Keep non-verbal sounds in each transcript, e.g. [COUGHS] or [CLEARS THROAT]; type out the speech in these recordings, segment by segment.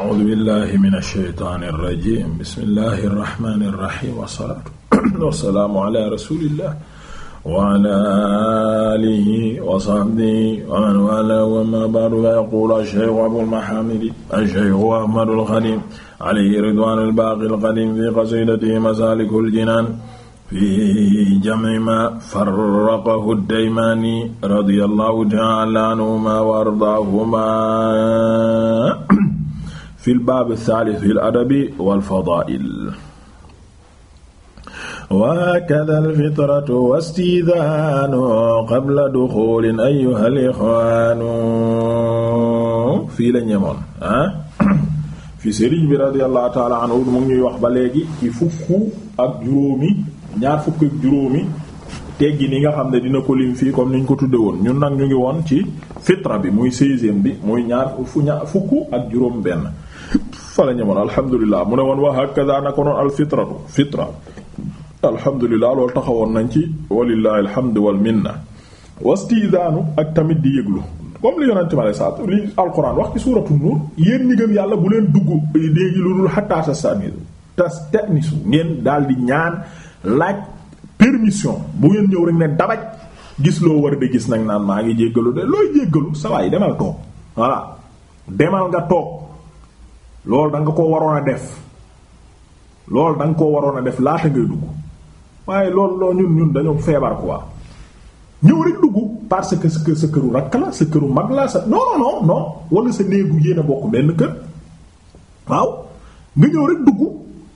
a'uuzu billahi mina shaytaani rajiim bismillahi rahmaani rahiim wassalaatu [CLEARS THROAT] wassalaamu ala rasuulillah wa ala aalihi wa sahbihi wa man waalaahu wa ammaa ba'du fa yaquulu ash-shaykhu abul mahaamidi ash-shaykhu ahmadul xadiim alayhi ridwaanul baaqil qadiim fi qasiidatihi masaalikul jinaan fi jam'i maa farraqahu ad-daymaani radiyallaahu ta'aalaa anhumaa wa ardaahumaa [CLEARS THROAT] fi lbaab althaalith fi ladabi walfadail wahakada alfitratu wastidaanu qabla duxulin ayuha lixwaanu fii la ñemoon ah? [COUGHS] fi sëriñ bi radiallahu taala anhu mu ngi ñuy wax ba léegi ci fukk ak juróomi ñaar fukk ak juróomi teggi ni nga xam ne dina ko lim fii comme ni ñu ko tudde woon ñun nag ñu ngi woon ci fitra bi muy seizième bi muy ñaar ñaar fukk ak juróom benn fa la ñemoon alhamdulilah mu ne woon wa hakaza naka noon alfitratu fitra alhamdulilah loolu taxawoon nañ ci walillahi alhamdu wal minna ak tamit di yëglu comme li yonente mi aleye saatu li alquran wax ci suuratu nuur yéen ñi yàlla bu leen dugg léegi lu dul hatta tastanisu tastanisu ngeen daal di ñaan laaj permission bu ngeen ñëw rek ne dabaj gis loo war de gis nag naan maa ngi jéggalu de looy jéggalu sa waay demal toog voilà demal loolu danga ko waroon a def loolu da ko waroon a def laata ngay dugg waaye loolu loo ñun ñun dañoo feebar quoi ñëw rek dugg parce que sa këru rakk la sa këru mag la sa non non non wala sa néegu yéen a bokk benn kër waaw nga ñëw rek dugg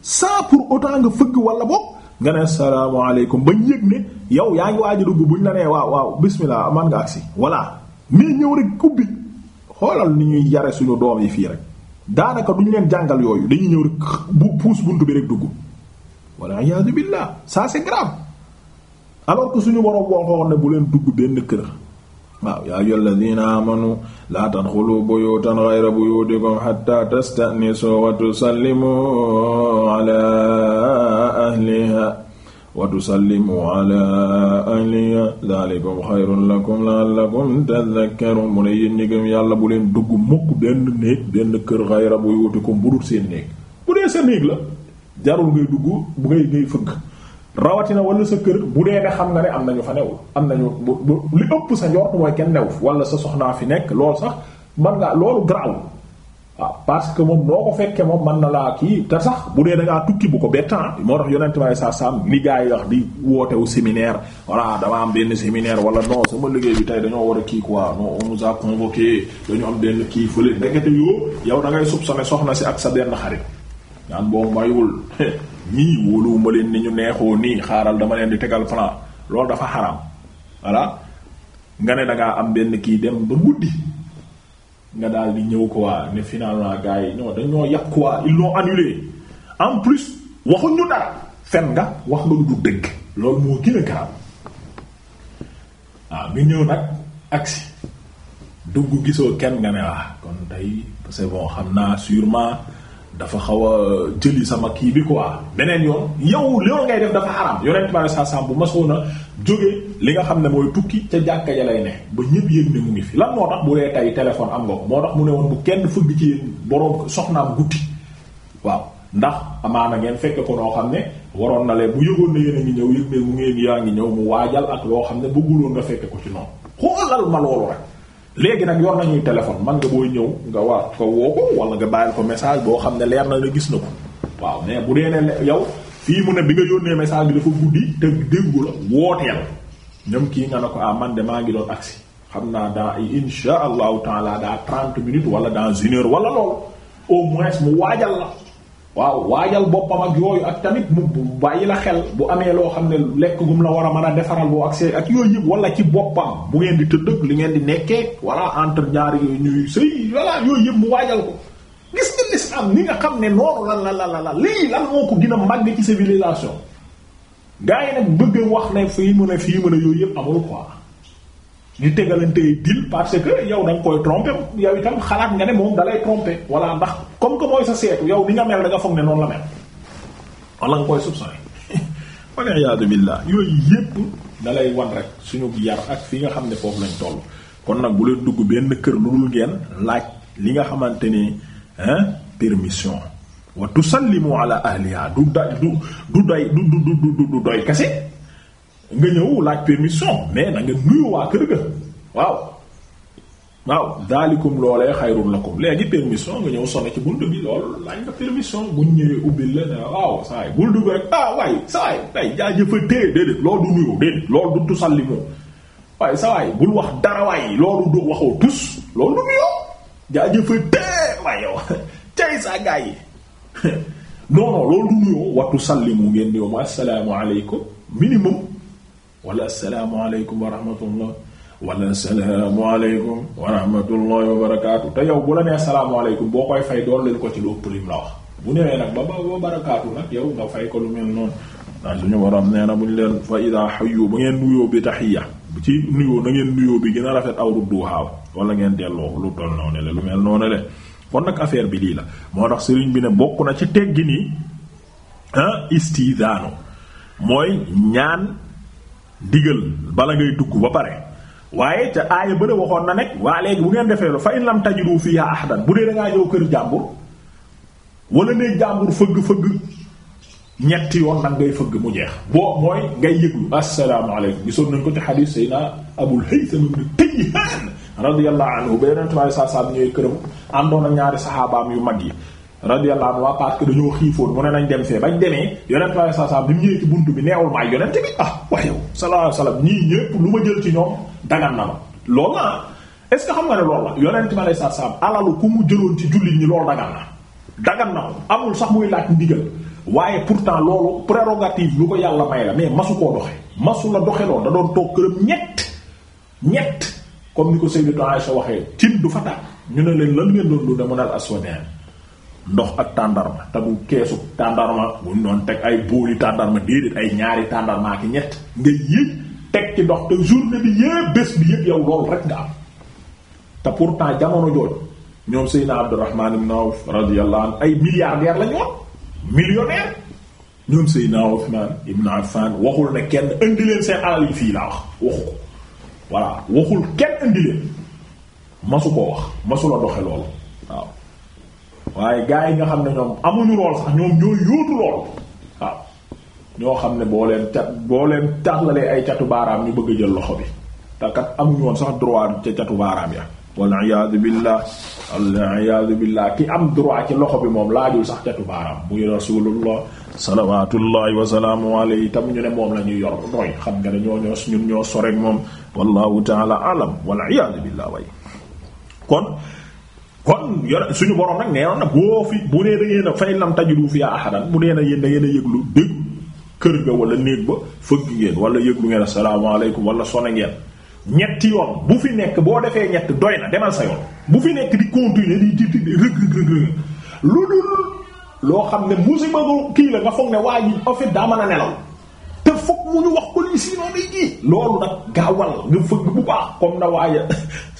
sans pour autant nga fëgg wala bopp nga ne salaamaaleykum ba ñu yëg ne yow yaa ngi waaj a dugg buñ la nee waaw waaw bismillah man nga agsi voilà mais ñëw rek ubbi xoolal ni ñuy yare suñu doom yi fii rek. daanaka duñ leen jàngal yooyu dañuy ñëw rek bu puus buntu bi rek dugg walla iyaadu suñu borom boo ne bu leen dugg benn kër waaw yaa ayyuha amanu la tadkhulu buyutan ghayra buyutikum hatta tasta'nisu wa tusallimu ala ahliha wa tusallimu ala ahliha dalikum mu ne yàlla bu leen dugg mukk benn kër xayra buy ko mbudut seen néeg bu sa néeg la jarul ngay dugg bu ngay ngay fëgg rawatina sa kër bu dee ne ne am nañu fa am nañu li ëpp sa njort mooy wala sa soxnaa fi nekk loolu sax man nga loolu garaawul waaw ah, parce que moom noo ko fekkee moom man na laa kii te sax bu dee da tukki bu ko bettan ah, moo tax yonent bi sa saam li gaa yi wax di wootewu séminaire voilà dama am benn séminaire wala non sama liggéey bi tey dañoo war a kii quoi non on nous a convoqué dañu am benn kii fële ndekete yoo yow da ngay soupçonner soxna si ak sa benn xarit naan boo mayul nii [LAUGHS] wóoluwuma leen ni ñu neexoo nii xaaral dama leen di tegal plan loolu dafa xaraam voilà nga ne da am benn kii dem ba guddi. nga daal di ñëw quoi ne finalement gars yi ñoo dañoo yàq quoi ils l'ont annulé en plus waxuñ ñu dara fen nga wax nga lu du dëgg loolu moo gën a garaaw waaw ah, nga ñëw nag agsi dugg gisoo kenn nga ne waa ah, kon tey c'est bon xam naa sûrement dafa xaw a euh, jëli sama kii bi quoi beneen yoon yow loolu ngay def dafa xaram yonent bi saa saa bu masoon a jóge li nga xam ne mooy tukki ca jàkka ja lay ne ba ñëpp yëg ne mu ngi fi lan moo tax bu dee tey téléphone am nga ko moo tax mu ne woon bu kenn fëgg ci yéen boroom soxnaam guddi waaw ndax amaana ngeen fekk ko noo xam ne waroon na leen bu yëgoon na yéen a ngi ñëw yëg mu ngeen yaa ngi ñëw mu waajal ak loo xam ne bëgguloon nga fekk ko ci noonu xoolal ma loolu léegi nag yor nañuy téléphone man nga booy ñëw nga waa ko woo ko wala nga bàyyil ko message boo xam ne leer na la gis na ko waaw mais bu dee ne yow fii mu ne bi nga yónnee message bi dafa guddi te déggu la wooteel ñoom kii nga ne ko ah man de maa ngi doon agsi xam naa daa insha allahu taala daa trente minutes wala dans une heure wala loolu au moins mu waajal la. waaw waajal boppam ak yooyu ak tamit mu bàyyi la xel bu amee loo xam ne lekk gum la war a mën a defaral boo ak see ak yooyu yëpp wala ci boppam bu ngeen di tëddëg li ngeen di nekkee voilà entre ñaari ñuy sëy voilà yooyu yëpp mu waajal ko gis nga l'islam ni nga xam ne noonu lan la la la lii lan moo ko gën a ci civilisation gars yi nag bëgg wax ne fii mën a fii mën a yooyu yëpp amul quoi di tegalantey dil parce que yow da nga koy tromper yow itam xalaat nga ne moom dalay tromper walla ndax comme que mooy sa seetu yow ni nga mel da nga foog ne noonu la mel walla nga koy soupçonner [LAUGHS] walla iyaadu billaah yooyu yépp dalay wan rek suñu yar ak fi nga xam ne foofu lañ toll kon nag bu leen dugg benn kër lu dul ngeen laaj li nga xamante ni permission wa tusallimu ala ahliha du da du doy du du du du doy kese nga ñëw laaj permission mais na nga nuyu waa kër ga waaw waaw daalikum loolee xayrul lakum léegi permission nga ñëw sonné ci bunt bi loolu laaj nga permission buñ ñëwee ubbil la ne waaw saa bul dugg rek ah waay saa yi tey jaajëfatee déedéet loolu du nuyu déedéet loolu du tusal waaye saa bul wax dara waay loolu du waxoo tus loolu du nuyu jaajëfatee waay yow [LAUGHS] cay saa gaa yi [LAUGHS] loolu du nuyu wa tusallimu ngeen di yow assalaamu alaykum minimum. wala asalaamualeykum wa rahmatullah wala asalaamualeykum wa rahmatullah wa barakaatu te yow bu la nee salaamualeykum boo koy fay doon leen ko ci lu ëpp la wax bu newee nag ba ba ba barakaatu nag yow nga fay ko lu mel noonu daal suñu waram nee na buñ leen fa ida hayyu ba ngeen nuyoo bi tahiyya ci nuyoo na ngeen nuyoo bi gën a rafet aw rudduha wala ngeen delloo lu toll noonu le lu mel noonu le kon nag affaire bi lii la moo tax sëriñ bi ne bokk na ci teggin yi ah, istidano digal bala ngay dugg ba pare waaye ca aaya bële waxoon na ne waa léegi bu ngeen defee fa in lam tajidu fiha ahadan bu dee da ngaa ñëw kër jàmbur wala néeg jàmbur fëgg-fëgg ñetti yoon nag ngay fëgg mu jeex boo mooy ngay yëglu asalaamaaleykum gisoon nañ ko ci xadiis sayna abul haytham ibn tayhan radiyallahu anhu ba yonent bi sallallahu alayhi wasallam ñooy këram na ñaari saxaabaam yu mag yi radiyallahu anhu parce que dañoo xiifoon mu ne nañ dem fee bañ demee yonent bi sallallahu alayhi wasallam bi mu ñëwee ci buntu bi neewul maay yonent bi ah waaye yow sallallahu alayhi wasallam ñii ñépp lu ma jël ci ñoom dagan na ma loolu na est que xam nga ne loolu la yonent bi sallallahu alayhi wasallam alalu ku mu jëloon ci jullit ñi loolu dagan na dagan na amul sax muy laaj ndigal waaye pourtant loolu prérogative lu ko yàlla may la mais masu koo doxe masu la doxe loolu da doon toog këram ñett ni ko Sayyidatu Aisha waxee tin du ñu ne leen lan ngeen doon ndox ak tàndarma te bu keesu tàndarma bu ñu teg ay booli tàndarma déedéet ay ñaari tàndarma ak ñett nga yéeg teg ci ndox te journée bi yépp bés bi yépp yow loolu rek nga am te pourtant jamono jooj ñoom Seydina Abdurrahman ibn Awf radiyallahu anhu ay milliardaires la ñu woon millionnaire ñoom Seydina Uthman ibn waxul ne kenn indi leen seen alal yi fii laa wax waxu ko voilà waxul kenn indi leen masu koo wax masu la doxe loolu waaye gars yi nga xam ne ñoom amuñu lool sax ñoom ñoo yóotu lool waaw ñoo xam ne boo leen cat boo leen taxlalee ay catu baaraam ñu bëgg a jël loxo bi te kat amuñu woon sax droit ca catu baaraam ya wal iyaadu billah al iyaadu billah ki am droit ci loxo bi moom laajul sax catu baaraam muy rasulullah salawatullahi wa salaamu alayhi tam ñu ne moom la ñuy yor doy xam nga ne ñoo ñoo ñun moom wallahu taala alam wal iyaadu billah way kon kon yore suñu boroom nag nee na boo fi bu nee da ngeen a fay lam tajidu fi ahadan bu nee na yéen da ngeen a yëglu dégg kër ga wala néeg ba fëgg ngeen wala yëglu ngeen wala sone ngeen ñetti yoon bu fi nekk boo defee ñett doy na bu fi nekk di continuer xam ne musiba kii la nga foog ne waa ji en fait daa man a nelaw te foog mu ñu wax ko lii sinon day kii loolu nag gaawal nga fëgg bu baax comme na waaja [LAUGHS]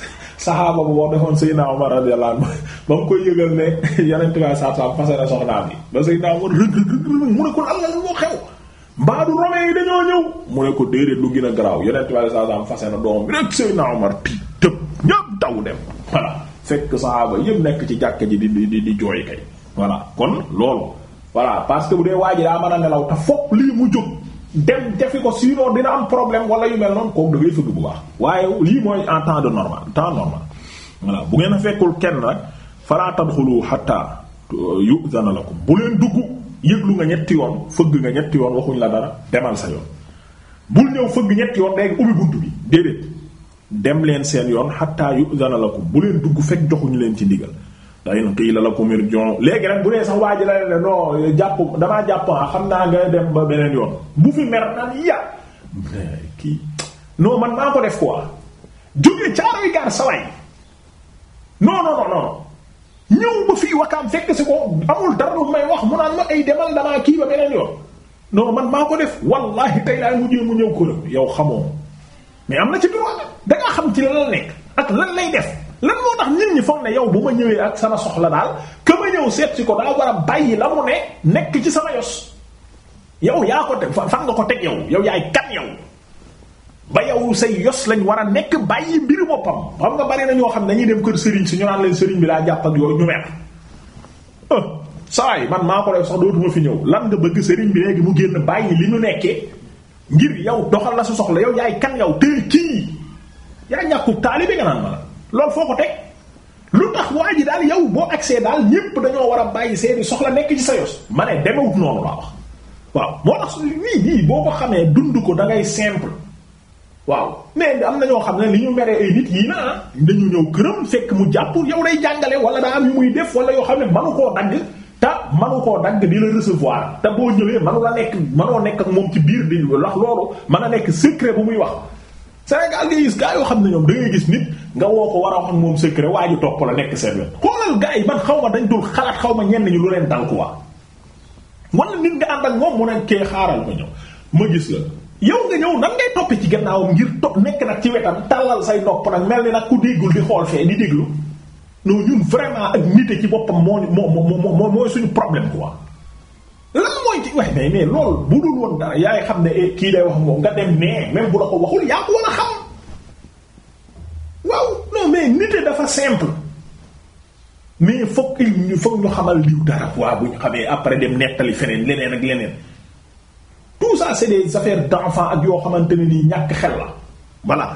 saxaaba bu wax defoon Seydina Omar radiyallahu anhu ba mu koy yëgal ne yeneen tubaab saab fase na soxnaam yi ba Seydina Omar rëg rëg rëg mu moo xew mbaadu Romain mu ne ko déedéet lu gën a garaaw yeneen tubaab saab saab fase na doom bi rek Seydina Omar tiit tëb ñëpp daw dem voilà fekk saxaaba yëpp nekk ci jàkka ji di di di jooy kay voilà kon loolu voilà parce que bu dee waa ji daa mën a nelaw te fopp lii mu jóg dem defi ko sinon dina am problème wala yu mel noonu kooku da fëgg bu baax waaye lii mooy en temps de normal temps normal voilà bu ngeen a fekkul kenn rek falaa tadxulu hatta yu'zana lakum bu leen dugg yëglu nga ñetti yoon fëgg nga ñetti yoon waxuñ la dara demal sa yoon bul ñëw fëgg ñetti yoon léegi ubbi bunt bi déedéet dem leen seen yoon yu hatta la ko bu leen dugg fekk joxuñu leen ci ndigal da in qiila lakum irji'u léegi nag bu dee sax waa ji la ne non jàpp damaa jàpp ah, xam naa nga dem ba beneen yoon bu fi mer naan ya kii non man maa ko def quoi jóge caaroy gaar saway non non non ñëw ba ko amul dara lu wax mu naan ma ay demal damaa kii ba man maa ko def wallahi tey laay mujjee mu ñëw këram yow xamoo mais am na ci droit da nga xam ci lan la nekk ak lan lay def. lan moo tax nit ñi foog ne yow bu ma ñëwee ak sama soxla daal que ma ñëw seet si ko daa war a bàyyi la mu ne nekk ci sama yos yow yaa ko teg fan nga ko teg yow yow yaay kat yow ba yow say yos lañ war a nekk bàyyi mbiru boppam xam nga bari na ñoo xam ne dañuy dem kër Serigne si ñu naan leen bi daa jàpp yooyu ñu mer saay man maa ko def fi ñëw lan nga bëgg Serigne bi léegi mu génn bàyyi li ñu nekkee ngir yow doxal la sa soxla yow yaay kan yow tey kii yaa ñàkkub taalibe nga naan ma lool foo ko teg lu tax waa ji daal yow boo accès daal ñépp dañoo war a bàyyi seeni soxla nekk ci sa yos ma ne demewut noonu laa wax waaw moo tax lii bii boo ko xamee dund ko da ngay simple waaw mais am na ñoo xam ne li ñu meree ay nit yii naa dañu ñëw këram fekk mu jàpp yow day jàngale wala daa am yu muy def wala yoo xam ne manu koo dagg te manu koo dagg di la recevoir te boo ñëwee manu la nekk manoo nekk ak moom ci biir di wax loolu mën a nekk secret bu muy wax Sénégal ngay gis gaa yoo xam ne ñoom da ngay gis nit nga woo ko war a wax ak moom secret waa ji topp la nekk seen wet xoolal gaa yi man xaw ma dañ dul xalaat xaw ma ñenn ñu lu leen dal quoi wala nit nga ànd ak moom mu ne kee xaaral ma ñëw ma gis la yow nga ñëw nag ngay toppee ci gannaawam ngir topp nekk nag ci wetam tallal say nopp nag mel ni nag ku déggul di xool fee di déglu non ñun vraiment ak nit ci boppam moo moo moo moo mooy suñu problème quoi. mooy mais mais loolu bu dul woon dara yaay xam ne eh, kii day wax moom nga dem mais même bu la ko waxul yaa ko war xam waaw non mais nit dafa simple mais fokk il fokk ñu xamal liw dara waaw bu ñu xamee après dem nettali feneen leneen ak leneen tout ça c'est des d'enfants ak yoo xamante ne nii ñàkk xel la voilà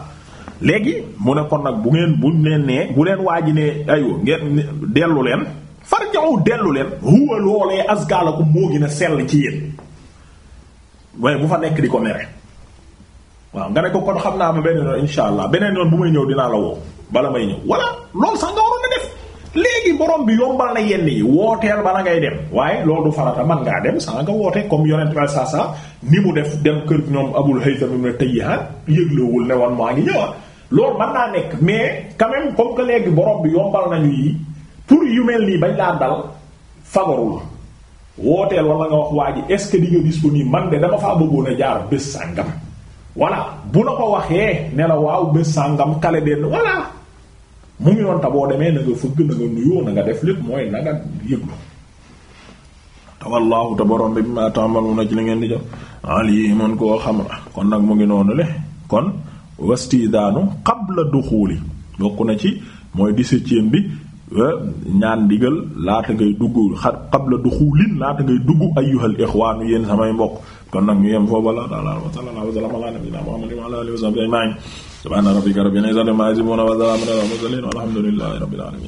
léegi mu ne kon nag bu ngeen buñ leen nee bu leen waaji ne aywa ngeen dellu leen farjaw dellu leen huwa loolee azka lakum moo gën a sell ci yéen waaye bu fa nekk di ko mere waaw nga ne ko kon xam naa ma beneen yoon insha allah beneen yoon bu may ñëw dinaa la woo bala may ñëw walla loolu borom bi yombal na yenn yi wooteel bala ngay dem waaye loolu du farata man ngaa dem sax nga woote comme yonent ba saa saa ni mu def dem kër ñoom Abul Haytham ibn Tayyihan yëglewul ne woon maa ngi ñëwaat loolu man naa nekk mais quand même comme que léegi borom bi yombal nañu yi pour yu mel nii bañ laa dal fagarul wooteel wala nga wax waa ji est-ce que di nga disponible man de dama faa bëggoon jaar bés sàngam voilà bu la ko waxee ne waaw bés sàngam kale benn voilà mu ngi noonu ta boo demee na nga def lépp mooy na nga yëglu te wallaahu te borom bi ngeen di jox alimun koo xam na kon nag mu ngi noonu le kon wastidaanu qabla duxuli bokk na ci mooy dix-septième bi ñaan digal laata ngay dugg xa qabla duxulin laata ngay dugg ayyuhal ixwaanu yéen samay mbokk kon nag ñu yem foofu wala daal wa sallallahu wa sallama ala nabiyyina muhammadin wa ala alihi wa sahbihi ajma'in subhana rabbika rabbil izzati amma yasifun wa salamun ala al mursalin walhamdulillahi rabbil alamin